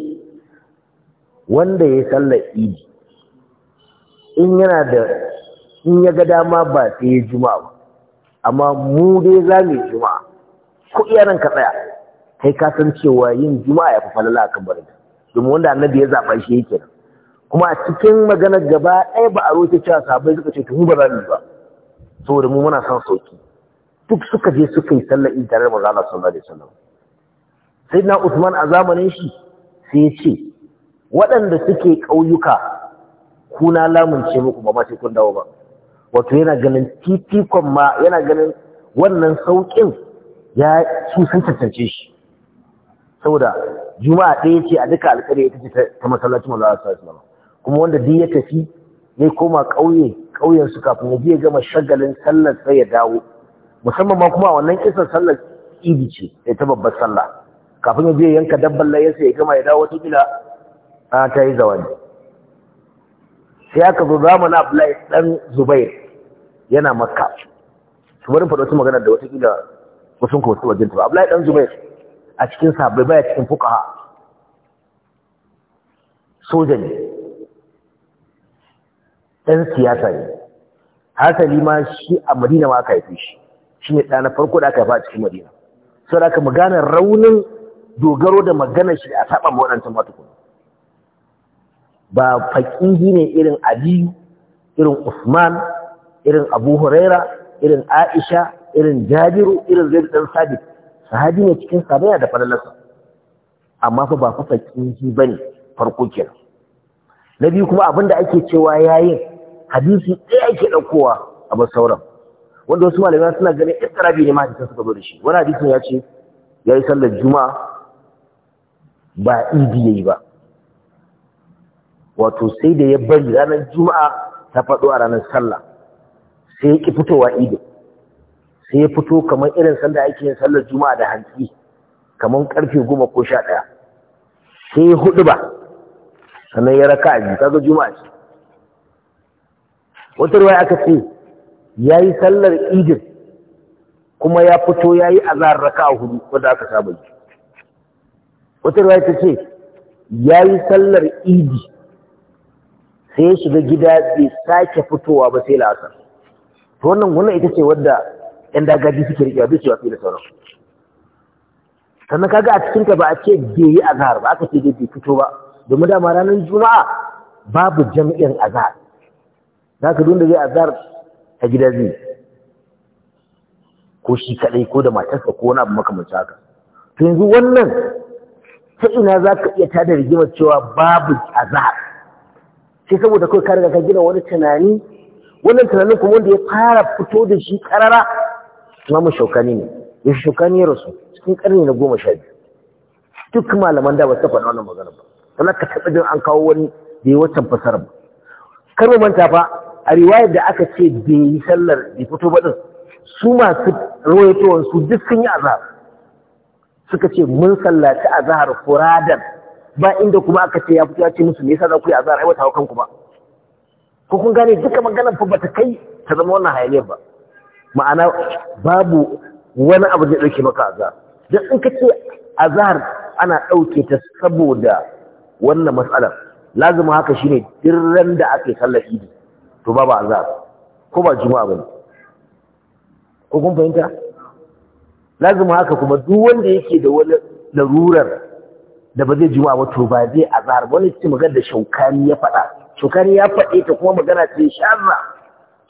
wanda ya sallar idi in yana da in ya ga dama ba sai ya juma'a ba amma mu dai za mu yi juma'a ko iya ka tsaya kai ka san cewa yin juma'a ya fi falala a kan barin domin wanda annabi ya zaɓa shi yake nan kuma a cikin maganar gaba ɗaya ba a rote cewa sabai suka ce mu ba za mu yi ba saboda mu muna son sauki duk suka je suka yi sallar in tare da manzo Allah sallallahu alaihi sai na Usman a zamanin shi sai ya ce waɗanda suke ƙauyuka kuna lamunce muku ba ma sai kun dawo ba wato yana ganin titikon ma yana ganin wannan sauƙin ya su sun tantance shi saboda juma'a ɗaya ce a duka alƙari ya tafi ta masallacin a manzo sallallahu kuma wanda duk ya tafi ya koma ƙauye ƙauyen su kafin ya biya gama shagalin sallar sai ya dawo musamman ma kuma wannan kisan sallar idi ce da ta babbar sallah kafin ya biya yanka dabban layarsa ya gama ya dawo wata kila ta yi zawani sai aka zo zamanin Abdullahi dan Zubair yana makka su barin faɗo su magana da watakila wasu kuma su wajen tuba abu ɗan a cikin sabai baya cikin fukaha soja ne ɗan siyasa ne hasali ma shi a madina ma aka haife shi shi ne ɗana farko da aka haifa a cikin madina sau da aka magana raunin dogaro da magana shi a saɓa waɗancan matukun ba faƙi ne irin aliyu irin usman irin abu huraira irin aisha irin jabiru irin zai dan sabit sahabi ne cikin sabai da falalarsa amma fa ba fasa kinji bane farko kenan na biyu kuma abinda ake cewa yayin hadisi ɗaya ake ɗaukowa a basauran sauran wanda wasu malamai suna ganin istirabi ne ma hadisan suka zo da shi wani hadisin ya ce ya yi sallar juma'a ba idi ya yi ba wato sai da ya bari ranar juma'a ta faɗo a ranar sallah sai ya ƙi fitowa ido sai ya fito kamar irin sanda ake yin sallar juma'a da hantsi kamar karfe goma ko sha ɗaya sai ya hudu ba sannan ya raka a ta ga juma'a ce wata ruwa aka ce ya yi sallar idin kuma ya fito ya yi azahar raka a hudu wanda aka saba yi wata ruwa ta ce ya yi sallar idi sai ya shiga gida bai sake fitowa ba sai la'asar to wannan wannan ita ce wadda yan dagaji suke riƙe duk cewa da sauran sannan kaga a cikin ka ba a ce bai yi azhar ba aka ce dai bai fito ba domin dama ranar juma'a babu jami'in azhar za ka da zai azhar a gida zai ko shi kaɗai ko da matarsa ko wani abu makamancin haka to yanzu wannan ta ina za ka iya tada rigimar cewa babu azhar sai saboda kawai ka riga ka gina wani tunani wannan tunanin kuma wanda ya fara fito da shi karara imamu shaukani ne ya shaukani ya rasu cikin karni na goma sha biyu duk malaman da ba ta faɗa wannan magana ba sana ka taɓa jin an kawo wani da ya wancan fasara ba kar mu manta fa a riwayar da aka ce bai yi sallar bai fito ba ɗin su masu rawaitowar su duk sun yi azahar. suka ce mun sallaci azahar furadan ba inda kuma aka ce ya fito ya ce musu me yasa za ku yi azahar? ai hau kanku ba ko kun gane duka maganar fa bata kai ta zama wannan hayaniyar ba ma'ana babu wani abu da ɗauke maka azar dan in ka ce ana dauke ta saboda wannan matsalar lazima haka shine dirran da ake sallar idi to babu azar ko ba juma'a bane ko kun fahimta lazima haka kuma duk wanda yake da wani larurar da ba zai juma'a ba to ba zai azar wani cikin magana da shaukani ya faɗa to ya faɗe ta kuma magana ce sharra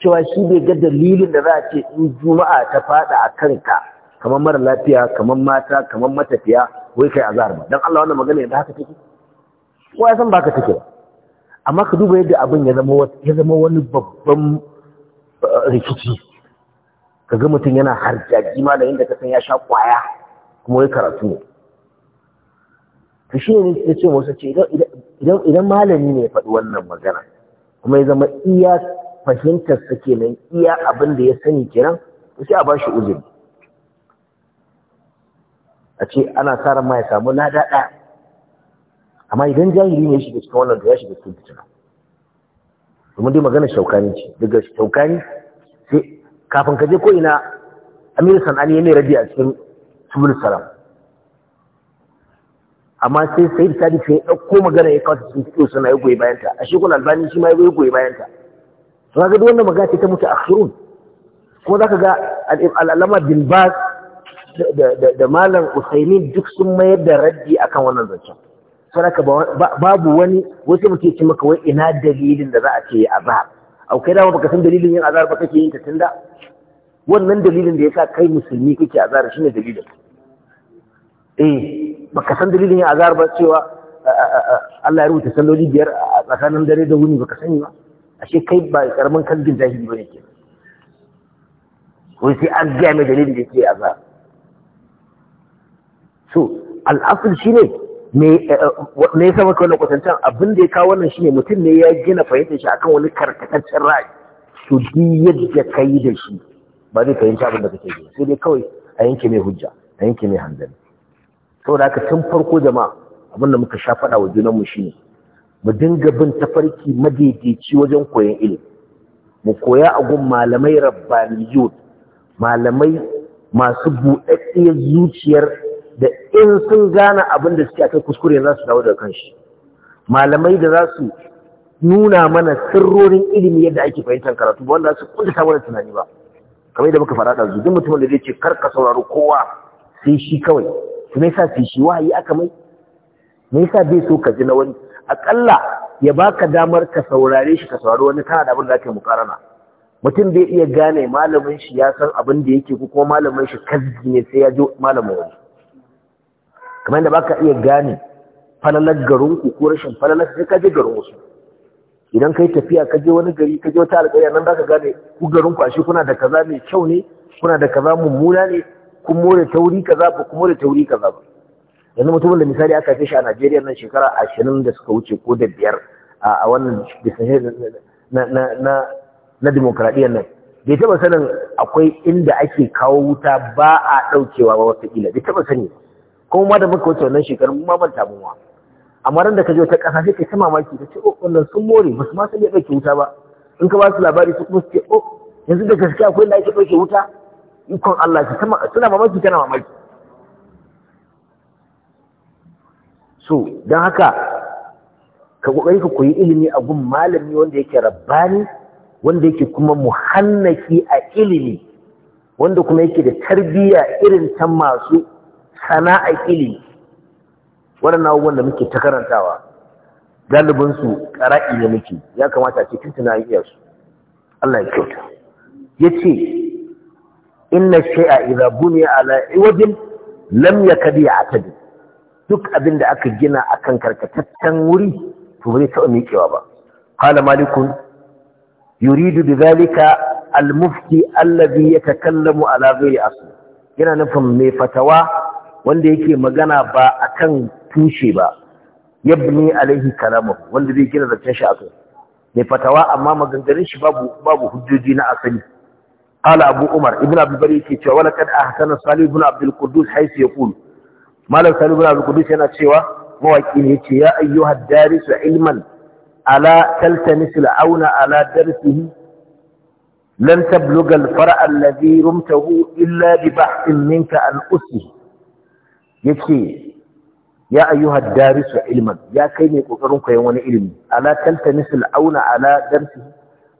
cewa shi bai ga dalilin da za a ce in juma'a ta faɗa a kanka kamar mara lafiya kamar mata kamar matafiya wai kai azhar ba dan Allah wannan magana yadda haka take ko ya san ba haka take ba amma ka duba yadda abin ya zama wani babban eh, rikici kaga mutum yana harjaji ma da yadda ka san ya sha kwaya kuma wai karatu ne to shi ne ya ce wasu ce idan malami ne ya faɗi wannan magana kuma ya zama iya fahimtar sa kenan iya abin da ya sani kenan sai a bashi uzuri a ce ana sa ran ma ya samu na daɗa. amma idan jahili ne ya shiga cikin wannan to ya shiga cikin fitina domin dai magana shaukani ce daga shaukani sai kafin ka je ko ina amir sanani ya ne rabi a cikin sulul salam amma sai sai sadi sai ko magana ya kawo cikin fiƙo suna ya goyi bayanta a shekul albani shi ma ya goyi bayanta to ga duk wannan magana ce ta mutu akhirun kuma zaka ga al'alama bin bas da malam usaimin duk sun mayar da raddi akan wannan zancen ka babu wani wasu mutum ya ce maka wai ina dalilin da za a ce azhar au kai dama baka san dalilin yin azhar ba kake yin ta tunda wannan dalilin da yasa kai musulmi kake azhar shine dalilin eh baka san dalilin ya azar ba cewa Allah ya rubuta salloli biyar a tsakanin dare da wuni baka sani ba ashe kai ba karamin kalbin zahiri bane ke Ko sai an ga mai dalilin da yake azhar so al'asul shine me me yasa maka wannan kwatancan abin da ya kawo wannan shine mutum ne ya gina fahimtar shi akan wani karkataccen ra'ayi to duk yadda kai da shi ba zai fahimta abin da kake yi sai dai kawai a yanke mai hujja a yanke mai hanzari saboda haka tun farko jama'a abin da muka sha faɗa wa junanmu ne mu dinga bin tafarki madaidaici wajen koyon ilimi mu koya a gun malamai rabbaniyun malamai masu buɗaɗɗiyar zuciyar da in sun gane abin da suke kai kuskure za su dawo da kanshi malamai da za su nuna mana sirrorin ilimi yadda ake fahimtar karatu ba wanda su kuntata mana tunani ba kamar yadda muka faɗa ɗazu duk mutumin da zai ce kar ka saurari kowa sai shi kawai to me yasa shi wahayi aka mai me yasa bai so ka ji na wani akalla ya baka damar ka saurare shi ka saurari wani kana da abin da ake mukarana mutum bai iya gane malamin shi ya san abin da yake ko kuma malamin shi kazzi ne sai ya ji malamin wani kamar da baka iya gane falalar garin ku ko rashin falalar sai ka je garin wasu idan kai tafiya ka je wani gari ka je wata alƙarya nan zaka gane ku garin ku ashe kuna da kaza mai kyau ne kuna da kaza mummuna ne kun more tauri kaza ba kun more tauri kaza ba yanzu mutumin da misali aka fi shi a Najeriya nan shekara ashirin da suka wuce ko da biyar a wannan na na na nan bai taɓa sanin akwai inda ake kawo wuta ba a ɗaukewa ba wataƙila bai taɓa sani kuma ma da muka wuce wannan shekarun mun manta mu ma amma ran da ka je ta ƙasa sai kai ta mamaki ka ce oh wannan sun more ba su ma san ya ɗauke wuta ba in ka ba su labari su kuma su ce oh yanzu da gaskiya akwai inda ake ɗauke wuta ikon Allah shi suna mamaki kana mamaki so don haka ka kokari ka koyi ilimi a gun malami wanda yake rabani, wanda yake kuma muhannaki a ilimi wanda kuma yake da tarbiyya irin ta masu sana'a ilimi waɗannan abubuwan da muke ta karantawa galibinsu ƙara'i ne muke ya kamata a cikin tunanin Allah ya kyauta ya ce inna shay'a idza buniya ala iwajin lam yakad ya'tadi duk abin da aka gina akan karkataccen wuri to bai taɓa miƙewa ba qala malikun yuridu bidhalika al-mufti alladhi yatakallamu ala ghairi asl yana nufin mai fatawa wanda yake magana ba akan tushe ba yabni alaihi kalamu wanda zai gina zancen shi akai mai fatawa amma maganganun shi babu babu hujjoji na asali qala abu umar ibn abdul bari yake cewa wala kad ahsana salih ibn abdul quddus haythu yaqul malam salih ibn abdul quddus yana cewa mawaki ne yace ya ayyuhad darisu ilman ala taltamis al'auna ala darsihi lan tabluga al-fara' alladhi illa bi bahthin minka an usli yace ya ayyuhad darisu ilman ya kai ne kokarin koyon wani ilimi ala ala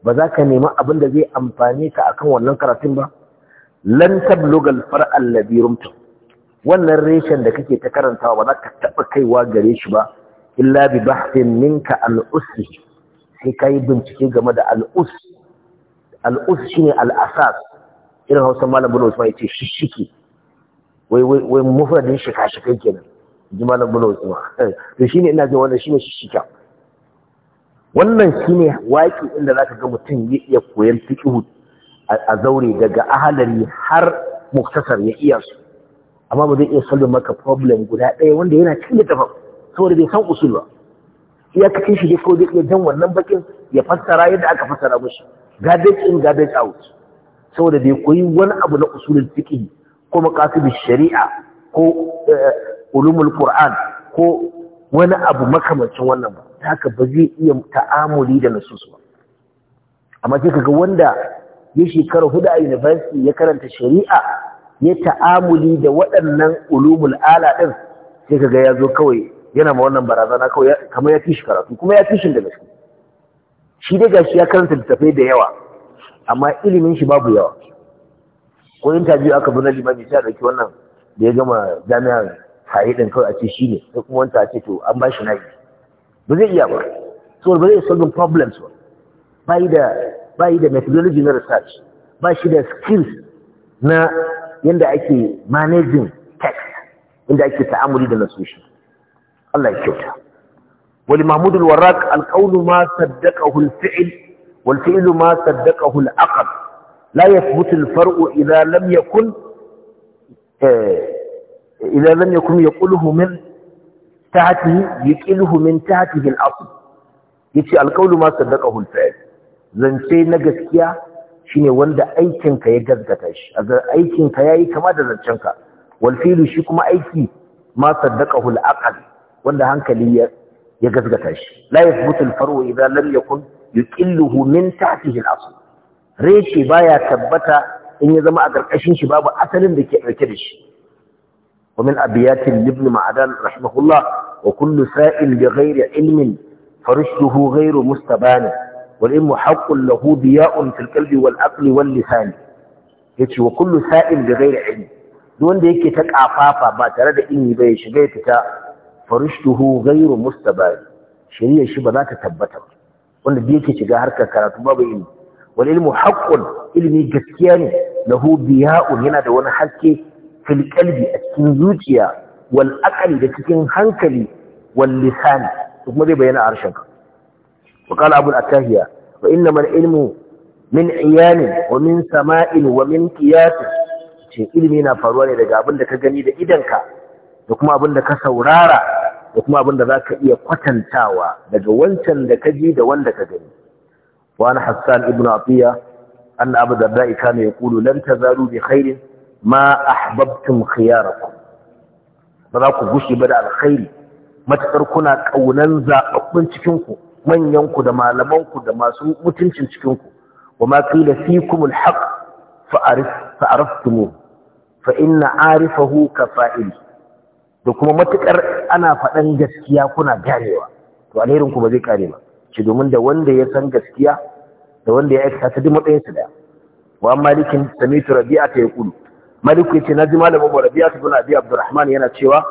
ba za ka nemi abin da zai amfane ka akan wannan karatun ba lan tabluga al-far'a alladhi rumta wannan reshen da kake ta karantawa ba za ka taba kaiwa gare shi ba illa bi bahthin minka al-usi sai kai bincike game da al-us al-us shine al-asas irin Hausa malam Bello Usman yace shishiki wai wai wai mufradin shika-shikai kenan ji malam Bello Usman [laughs] to shine ina jin wannan shine shishika wannan shine waki inda zaka ga mutum ya iya koyan fiqh a zaure daga ahalari har muktasar ya iya su amma ba zai iya solve maka problem guda ɗaya wanda yana cikin littafin saboda bai san usul ba iyakacin shi dai kawai zai iya jan wannan bakin ya fassara yadda aka fassara mushi garbage in garbage out saboda bai koyi wani abu na usulin fiqh ko maqasid shari'a ko eh, ulumul qur'an ko wani abu makamancin wannan ba haka ba zai iya ta'amuli da nasusu ba amma sai kaga wanda ya shekara hudu a university ya karanta shari'a ya ta'amuli da waɗannan ulumul ala din sai kaga ya zo kawai yana ma wannan barazana kawai kamar ya tishi karatu kuma ya tishin da gaske shi dai gashi ya karanta littafai da yawa amma ilimin shi babu yawa ko biyu aka bi na limami sai dauki wannan da ya gama jami'ar sahi kawai a ce ne sai kuma wanta a ce to an ba shi yi. ba zai iya ba so ba zai solving problems ba bai da bai da methodology na research ba shi da skills na yanda ake managing text inda ake ta'amuli da nasushi Allah ya kyauta Wani mahmud al warraq al qawlu ma saddaqahu al fi'l wal fi'lu ma saddaqahu al aqd la yathbutu al far'u idha lam yakun إذا لم يكن يقوله من tahtihi yuqilhu min tahtihi al-asl yace alqawlu ma saddaqahu al-fa'il zance na gaskiya shine wanda aikin ka ya gaskata shi agar aikin ka yayi kama da zancen ka wal fi'lu shi kuma aiki ma saddaqahu al-aql wanda hankali ya ya gaskata shi la yathbutu al-faru idha lam yakun yuqilluhu min tahtihi al-asl reshe baya tabbata in ya zama a karkashin shi babu asalin da ke dauke da shi ومن أبيات لابن معدان رحمه الله وكل سائل بغير علم فرشده غير مستبان والعلم حق له ضياء في القلب والعقل واللسان yace wa kullu sa'il bi ghairi ilmi duk wanda yake ta kafafa ba tare da ilmi ba ya shiga ya fita farishtuhu ghairu mustabari shari'a shi ba za ta tabbata ba wanda duk shiga harka karatu babu ilmi wal ilmi gaskiya ne lahu yana da wani haske fil a cikin zuciya wal aqli da cikin hankali wal lisan kuma zai bayyana a harshenka wa qala abu al-atahiya wa innama al-ilmu min iyanin wa min sama'in wa min qiyasin ce ilimi na faruwa ne daga abin da ka gani da idanka da kuma abin da ka saurara da kuma abin da ka iya kwatantawa daga wancan da ka ji da wanda ka gani wa an hassan ibnu atiya anna abu darda'i kana Kulu, lanta za bi khairin ma ahbabtum khiyarakum ba za ku gushe ba da alkhairi matakar kuna kaunan zaɓaɓɓun cikinku, manyan ku da malaman da masu mutuncin cikinku. wa ma qila fikum alhaq fa arif fa araftum fa inna arifahu da kuma matakar ana faɗan gaskiya kuna ganewa to alherin ba zai kare ba ce domin da wanda ya san gaskiya da wanda ya aikata ta duk matsayin ɗaya daya wa malikin samitu rabi'a ta yaqulu ce na ji malamin mu rabi'a ibn abu abdurrahman yana cewa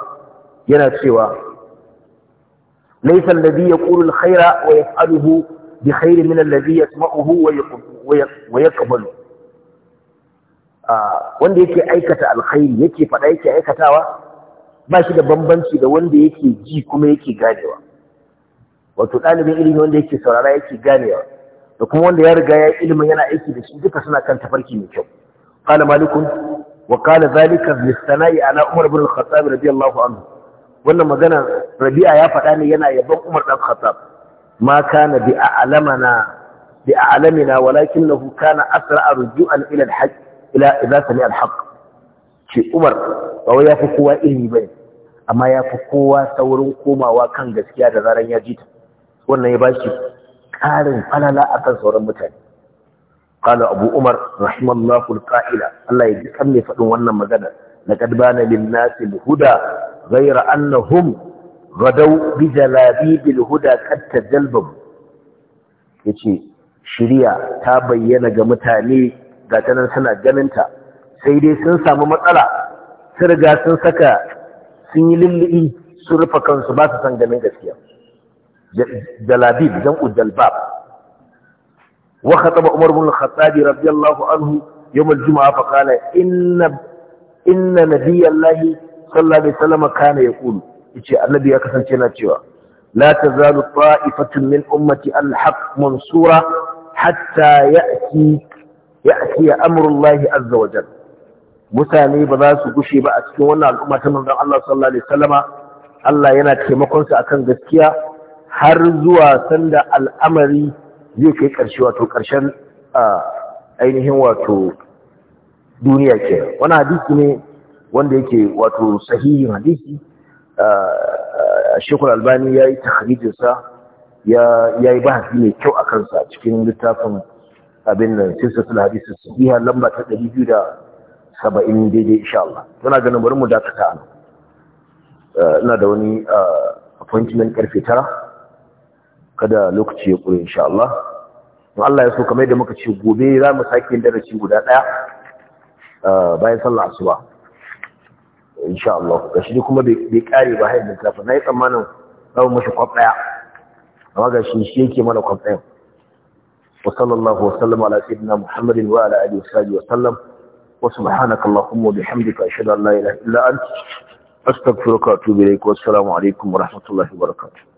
yana cewa laysa ya yaqulu alkhayra wa faruhu bi khayrin min alladhi yasma'uhu wa yaqbalu ah, wanda yake aikata alkhairi yake fada yake aikatawa ba shi da bambanci da wanda yake ji kuma yake ganewa wato ɗalibin ilimi wanda yake saurara yake ganewa da kuma wanda ya riga ya ilimin yana aiki da shi duka suna kan tafarki mai kyau qala malikun وقال ذلك للثناء على عمر بن الخطاب رضي الله عنه wannan magana rabi'a ya faɗa ne yana yabon umar ɗan khattab ma kana bi a'lamana bi a'lamina walakinahu kana asra'a ruju'an ila al-haqq ila idza sami al-haqq shi umar ba wai yafi kowa ilimi bane amma yafi kowa saurin komawa kan gaskiya da zaran ya jita wannan ya bashi ƙarin falala akan sauran mutane قال أبو عمر رحم الله القائل الله يجعلني فأنا وانا مغانا لقد بان للناس الهدى غير أنهم غدوا بجلابيب الهدى قد تجلبوا yace shiriya ta bayyana ga mutane ga tanan suna ta. sai dai sun samu matsala sun riga sun saka sun yi lullubi sun rufe kansu ba su san ganin gaskiya jalabib dan ujalbab وخطب عمر بن الخطاب رضي الله عنه يوم الجمعة فقال إن إن نبي الله صلى الله عليه وسلم كان يقول يجي النبي يا كسان تشوا لا تزال طائفة من أمتي الحق منصورة حتى يأتي يأتي أمر الله عز وجل mutane ba za su gushe ba a cikin wannan al'umma ta manzon Allah sallallahu alaihi wasallama Allah yana taimakon su akan gaskiya har zuwa sanda al'amari zai kai ƙarshe wato ƙarshen ainihin wato duniya ke wani hadisi ne wanda yake wato sahihin hadisi shekul albani ya yi takarijinsa ya yi bahasi mai kyau a kansa cikin littafin abin nan sassan hadisi sahiha lamba ta ɗari biyu da saba'in daidai insha Allah ganin bari mu dakata ana ina da wani appointment karfe tara kada lokaci ya kure insha Allah to Allah ya so kamar yadda muka ce gobe za mu sake darasi guda daya bayan sallar asuba insha Allah gashi kuma bai kare ba hayin kafa nayi tsammanin za mu mashi kwaf daya amma gashi shi yake mana kwaf daya wa sallallahu ala sayyidina الله wa ala alihi محمد وعلى اله وصحبه وسلم وسبحانك اللهم bihamdika ashhadu an la ilaha illa anta استغفرك واتوب اليك والسلام عليكم ورحمه الله وبركاته